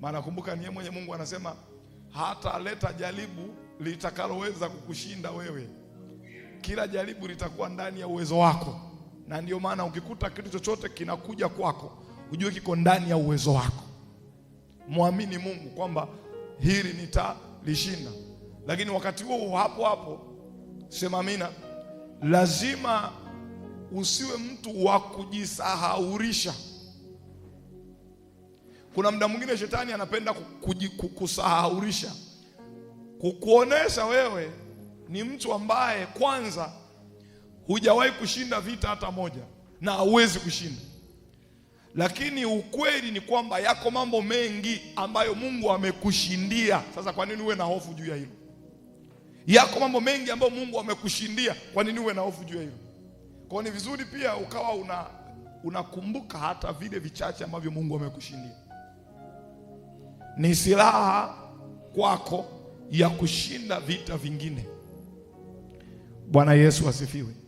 Maana kumbuka ni mwenye Mungu anasema hata aleta jaribu litakaloweza kukushinda wewe. Kila jaribu litakuwa ndani ya uwezo wako, na ndio maana ukikuta kitu chochote kinakuja kwako, ujue kiko ndani ya uwezo wako. Mwamini Mungu kwamba hili nitalishinda, lakini wakati huo hapo hapo, sema amina, lazima usiwe mtu wa kujisahaurisha. Kuna muda mwingine shetani anapenda kusahaurisha kukuonesha wewe ni mtu ambaye kwanza hujawahi kushinda vita hata moja na hauwezi kushinda, lakini ukweli ni kwamba yako mambo mengi ambayo Mungu amekushindia. Sasa kwa nini uwe na hofu juu ya hilo? Yako mambo mengi ambayo Mungu amekushindia, kwa nini uwe na hofu juu ya hilo? Kwa ni vizuri pia ukawa una unakumbuka hata vile vichache ambavyo Mungu amekushindia ni silaha kwako ya kushinda vita vingine. Bwana Yesu asifiwe.